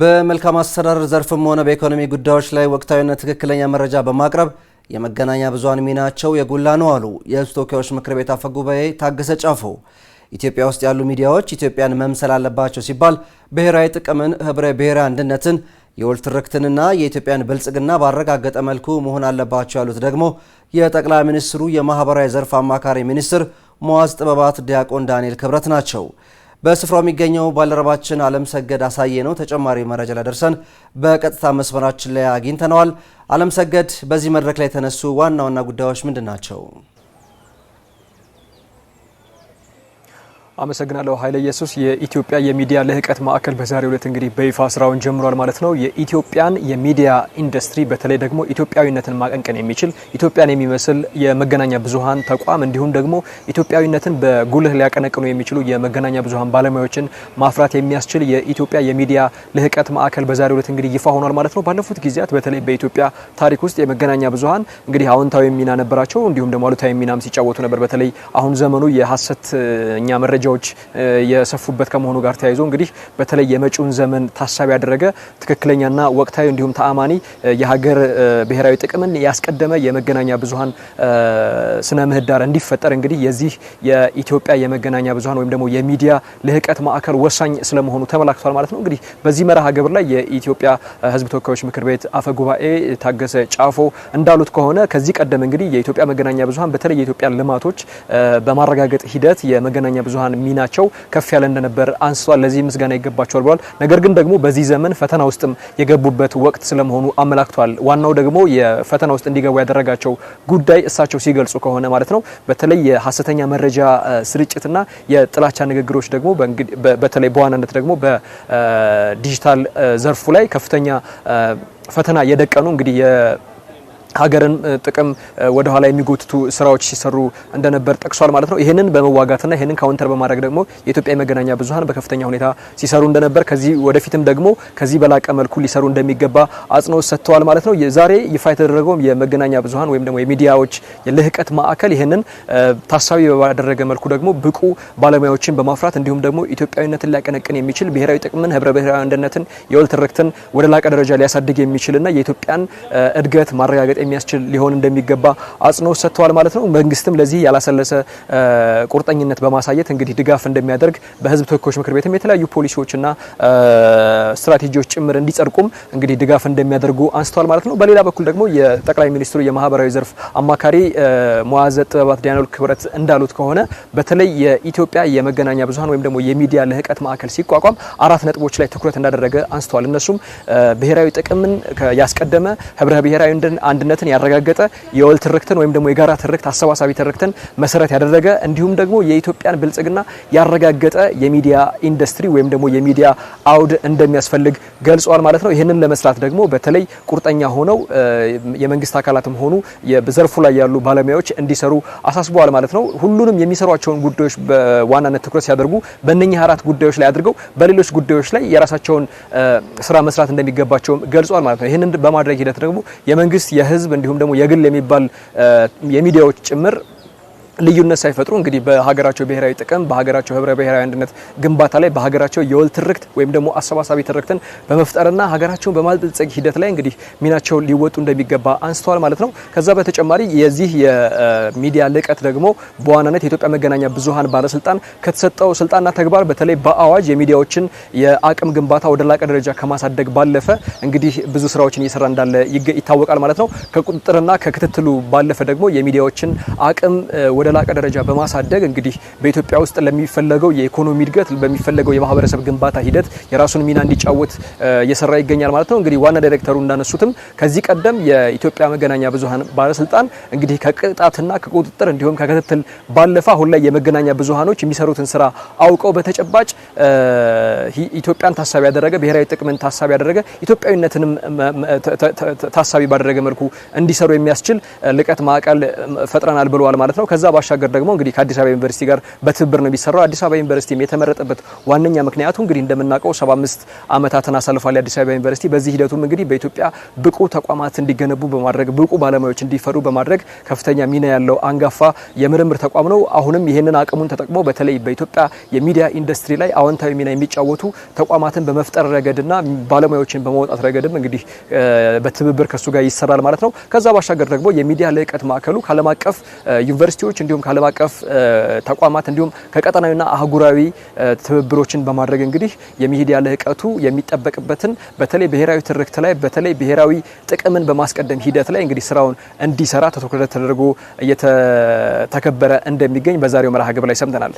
በመልካም አሰራር ዘርፍም ሆነ በኢኮኖሚ ጉዳዮች ላይ ወቅታዊና ትክክለኛ መረጃ በማቅረብ የመገናኛ ብዙሃን ሚናቸው የጎላ ነው አሉ የሕዝብ ተወካዮች ምክር ቤት አፈ ጉባኤ ታገሰ ጫፎ። ኢትዮጵያ ውስጥ ያሉ ሚዲያዎች ኢትዮጵያን መምሰል አለባቸው ሲባል ብሔራዊ ጥቅምን፣ ህብረ ብሔራዊ አንድነትን፣ የወል ትርክትንና የኢትዮጵያን ብልጽግና ባረጋገጠ መልኩ መሆን አለባቸው ያሉት ደግሞ የጠቅላይ ሚኒስትሩ የማህበራዊ ዘርፍ አማካሪ ሚኒስትር ሙዓዝ ጥበባት ዲያቆን ዳንኤል ክብረት ናቸው። በስፍራው የሚገኘው ባልደረባችን አለም ሰገድ አሳየ ነው ተጨማሪ መረጃ ላደርሰን በቀጥታ መስመራችን ላይ አግኝተነዋል። አለም ሰገድ፣ በዚህ መድረክ ላይ የተነሱ ዋና ዋና ጉዳዮች ምንድን ናቸው? አመሰግናለሁ ኃይለ ኢየሱስ። የኢትዮጵያ የሚዲያ ልህቀት ማዕከል በዛሬው ዕለት እንግዲህ በይፋ ስራውን ጀምሯል ማለት ነው። የኢትዮጵያን የሚዲያ ኢንዱስትሪ በተለይ ደግሞ ኢትዮጵያዊነትን ማቀንቀን የሚችል ኢትዮጵያን የሚመስል የመገናኛ ብዙሃን ተቋም እንዲሁም ደግሞ ኢትዮጵያዊነትን በጉልህ ሊያቀነቅኑ የሚችሉ የመገናኛ ብዙሃን ባለሙያዎችን ማፍራት የሚያስችል የኢትዮጵያ የሚዲያ ልህቀት ማዕከል በዛሬው ዕለት እንግዲህ ይፋ ሆኗል ማለት ነው። ባለፉት ጊዜያት በተለይ በኢትዮጵያ ታሪክ ውስጥ የመገናኛ ብዙሃን እንግዲህ አዎንታዊ ሚና ነበራቸው፣ እንዲሁም ደግሞ አሉታዊ ሚናም ሲጫወቱ ነበር። በተለይ አሁን ዘመኑ የሀሰተኛ መረጃ መረጃዎች የሰፉበት ከመሆኑ ጋር ተያይዞ እንግዲህ በተለይ የመጪውን ዘመን ታሳቢ ያደረገ ትክክለኛና ወቅታዊ እንዲሁም ተአማኒ የሀገር ብሔራዊ ጥቅምን ያስቀደመ የመገናኛ ብዙሀን ስነ ምህዳር እንዲፈጠር እንግዲህ የዚህ የኢትዮጵያ የመገናኛ ብዙሀን ወይም ደግሞ የሚዲያ ልህቀት ማዕከል ወሳኝ ስለመሆኑ ተመላክቷል ማለት ነው። እንግዲህ በዚህ መርሃ ግብር ላይ የኢትዮጵያ ሕዝብ ተወካዮች ምክር ቤት አፈ ጉባኤ ታገሰ ጫፎ እንዳሉት ከሆነ ከዚህ ቀደም እንግዲህ የኢትዮጵያ መገናኛ ብዙሀን በተለይ የኢትዮጵያ ልማቶች በማረጋገጥ ሂደት የመገናኛ ብዙሀን ሚናቸው ከፍ ያለ እንደነበር አንስቷል። ለዚህ ምስጋና ይገባቸዋል ብሏል። ነገር ግን ደግሞ በዚህ ዘመን ፈተና ውስጥም የገቡበት ወቅት ስለመሆኑ አመላክቷል። ዋናው ደግሞ የፈተና ውስጥ እንዲገቡ ያደረጋቸው ጉዳይ እሳቸው ሲገልጹ ከሆነ ማለት ነው በተለይ የሀሰተኛ መረጃ ስርጭትና የጥላቻ ንግግሮች ደግሞ በተለይ በዋናነት ደግሞ በዲጂታል ዘርፉ ላይ ከፍተኛ ፈተና የደቀኑ እንግዲህ ሀገርን ጥቅም ወደ ኋላ የሚጎትቱ ስራዎች ሲሰሩ እንደነበር ጠቅሷል ማለት ነው። ይህንን በመዋጋትና ይህንን ካውንተር በማድረግ ደግሞ የኢትዮጵያ የመገናኛ ብዙኃን በከፍተኛ ሁኔታ ሲሰሩ እንደነበር ከዚህ ወደፊትም ደግሞ ከዚህ በላቀ መልኩ ሊሰሩ እንደሚገባ አጽንኦት ሰጥተዋል ማለት ነው። ዛሬ ይፋ የተደረገውም የመገናኛ ብዙኃን ወይም ደግሞ የሚዲያዎች የልህቀት ማዕከል ይህንን ታሳቢ ባደረገ መልኩ ደግሞ ብቁ ባለሙያዎችን በማፍራት እንዲሁም ደግሞ ኢትዮጵያዊነትን ሊያቀነቅን የሚችል ብሔራዊ ጥቅምን፣ ህብረ ብሔራዊ አንድነትን፣ የወል ትርክትን ወደ ላቀ ደረጃ ሊያሳድግ የሚችልና የኢትዮጵያን እድገት ማረጋገጥ ለማረጋገጥ የሚያስችል ሊሆን እንደሚገባ አጽንኦት ሰጥተዋል ማለት ነው። መንግስትም ለዚህ ያላሰለሰ ቁርጠኝነት በማሳየት እንግዲህ ድጋፍ እንደሚያደርግ በህዝብ ተወካዮች ምክር ቤትም የተለያዩ ፖሊሲዎችና ስትራቴጂዎች ጭምር እንዲጸድቁም እንግዲህ ድጋፍ እንደሚያደርጉ አንስተዋል ማለት ነው። በሌላ በኩል ደግሞ የጠቅላይ ሚኒስትሩ የማህበራዊ ዘርፍ አማካሪ መዋዘ ጥበባት ዲያኖል ክብረት እንዳሉት ከሆነ በተለይ የኢትዮጵያ የመገናኛ ብዙሀን ወይም ደግሞ የሚዲያ ልህቀት ማዕከል ሲቋቋም አራት ነጥቦች ላይ ትኩረት እንዳደረገ አንስተዋል። እነሱም ብሔራዊ ጥቅምን ያስቀደመ ህብረ ብሔራዊ አንድ አንድነትን ያረጋገጠ የወል ትርክትን ወይም ደግሞ የጋራ ትርክት አሰባሳቢ ትርክትን መሰረት ያደረገ እንዲሁም ደግሞ የኢትዮጵያን ብልጽግና ያረጋገጠ የሚዲያ ኢንዱስትሪ ወይም ደግሞ የሚዲያ አውድ እንደሚያስፈልግ ገልጿል ማለት ነው። ይህንን ለመስራት ደግሞ በተለይ ቁርጠኛ ሆነው የመንግስት አካላትም ሆኑ በዘርፉ ላይ ያሉ ባለሙያዎች እንዲሰሩ አሳስበዋል ማለት ነው። ሁሉንም የሚሰሯቸውን ጉዳዮች በዋናነት ትኩረት ሲያደርጉ በእነኚህ አራት ጉዳዮች ላይ አድርገው በሌሎች ጉዳዮች ላይ የራሳቸውን ስራ መስራት እንደሚገባቸውም ገልጿል ማለት ነው። ይህንን በማድረግ ሂደት ደግሞ የመንግስት የህዝብ የህዝብ እንዲሁም ደግሞ የግል የሚባል የሚዲያዎች ጭምር ልዩነት ሳይፈጥሩ እንግዲህ በሀገራቸው ብሔራዊ ጥቅም በሀገራቸው ህብረ ብሔራዊ አንድነት ግንባታ ላይ በሀገራቸው የወል ትርክት ወይም ደግሞ አሰባሳቢ ትርክትን በመፍጠርና ሀገራቸውን በማልበልጸግ ሂደት ላይ እንግዲህ ሚናቸውን ሊወጡ እንደሚገባ አንስተዋል ማለት ነው። ከዛ በተጨማሪ የዚህ የሚዲያ ልቀት ደግሞ በዋናነት የኢትዮጵያ መገናኛ ብዙሀን ባለስልጣን ከተሰጠው ስልጣንና ተግባር በተለይ በአዋጅ የሚዲያዎችን የአቅም ግንባታ ወደ ላቀ ደረጃ ከማሳደግ ባለፈ እንግዲህ ብዙ ስራዎችን እየሰራ እንዳለ ይታወቃል ማለት ነው። ከቁጥጥርና ከክትትሉ ባለፈ ደግሞ የሚዲያዎችን አቅም ወደ ላቀ ደረጃ በማሳደግ እንግዲህ በኢትዮጵያ ውስጥ ለሚፈለገው የኢኮኖሚ እድገት በሚፈለገው የማህበረሰብ ግንባታ ሂደት የራሱን ሚና እንዲጫወት እየሰራ ይገኛል ማለት ነው። እንግዲህ ዋና ዳይሬክተሩ እንዳነሱትም ከዚህ ቀደም የኢትዮጵያ መገናኛ ብዙሃን ባለስልጣን እንግዲህ ከቅጣትና ከቁጥጥር እንዲሁም ከክትትል ባለፈ አሁን ላይ የመገናኛ ብዙሃኖች የሚሰሩትን ስራ አውቀው በተጨባጭ ኢትዮጵያን ታሳቢ ያደረገ ብሔራዊ ጥቅምን ታሳቢ ያደረገ ኢትዮጵያዊነትንም ታሳቢ ባደረገ መልኩ እንዲሰሩ የሚያስችል ልቀት ማዕቀል ፈጥረናል ብለዋል ማለት ነው። ከዛ ባሻገር ደግሞ እንግዲህ ከአዲስ አበባ ዩኒቨርሲቲ ጋር በትብብር ነው የሚሰራው። አዲስ አበባ ዩኒቨርሲቲም የተመረጠበት ዋነኛ ምክንያቱ እንግዲህ እንደምናውቀው 75 ዓመታትን አሳልፏል የአዲስ አበባ ዩኒቨርሲቲ። በዚህ ሂደቱም እንግዲህ በኢትዮጵያ ብቁ ተቋማት እንዲገነቡ በማድረግ ብቁ ባለሙያዎች እንዲፈሩ በማድረግ ከፍተኛ ሚና ያለው አንጋፋ የምርምር ተቋም ነው። አሁንም ይህንን አቅሙን ተጠቅሞ በተለይ በኢትዮጵያ የሚዲያ ኢንዱስትሪ ላይ አዎንታዊ ሚና የሚጫወቱ ተቋማትን በመፍጠር ረገድና ባለሙያዎችን በማውጣት ረገድም እንግዲህ በትብብር ከሱ ጋር ይሰራል ማለት ነው። ከዛ ባሻገር ደግሞ የሚዲያ ልዕቀት ማዕከሉ ከዓለም አቀፍ ዩኒቨርሲቲዎች እንዲሁም ከዓለም አቀፍ ተቋማት እንዲሁም ከቀጠናዊና አህጉራዊ ትብብሮችን በማድረግ እንግዲህ የሚዲያ ልህቀቱ የሚጠበቅበትን በተለይ ብሔራዊ ትርክት ላይ በተለይ ብሔራዊ ጥቅምን በማስቀደም ሂደት ላይ እንግዲህ ስራውን እንዲሰራ ተትኩረት ተደርጎ እየተከበረ እንደሚገኝ በዛሬው መርሃ ግብር ላይ ሰምተናል።